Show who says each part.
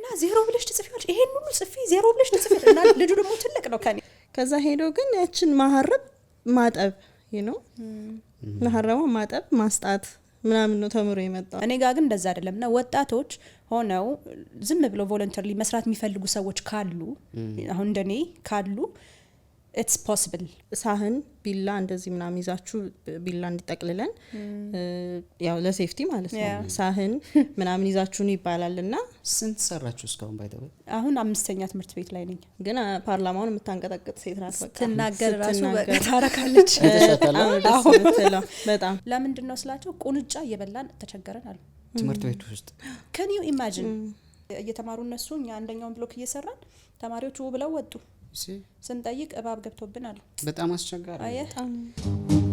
Speaker 1: እና ዜሮ ብለሽ ትጽፊዋለሽ። ይሄን ሁሉ ጽፊ ዜሮ ብለሽ ትጽፊ እና ልጁ ደግሞ ትልቅ ነው ከኔ።
Speaker 2: ከዛ ሄዶ ግን ያችን ማሀረብ ማጠብ ነው ማሀረቡ ማጠብ ማስጣት ምናምን ነው ተምሮ የመጣው።
Speaker 1: እኔ ጋር ግን እንደዛ አይደለም እና ወጣቶች ሆነው ዝም ብለው ቮለንተሪ መስራት የሚፈልጉ ሰዎች ካሉ አሁን እንደኔ ካሉ ኢትስ ፖስብል
Speaker 2: ሳህን ቢላ እንደዚህ ምናምን ይዛችሁ ቢላ እንዲጠቅልለን ያው ለሴፍቲ ማለት ነው ሳህን ምናምን ይዛችሁን ይባላል እና
Speaker 3: ስንት ሰራችሁ እስካሁን? ባይተው
Speaker 2: አሁን አምስተኛ ትምህርት ቤት ላይ ነኝ፣ ግን ፓርላማውን የምታንቀጠቅጥ ሴት ናት።
Speaker 1: ስትናገር ራሱ ታረካለች። በጣም ለምንድን ነው ስላቸው ቁንጫ እየበላን ተቸገረን አሉ።
Speaker 3: ትምህርት ቤት ውስጥ
Speaker 1: ከን ዩ ኢማጂን እየተማሩ እነሱ እኛ አንደኛውን ብሎክ እየሰራን ተማሪዎች ብለው ወጡ። ስንጠይቅ እባብ ገብቶብን አሉ። በጣም አስቸጋሪ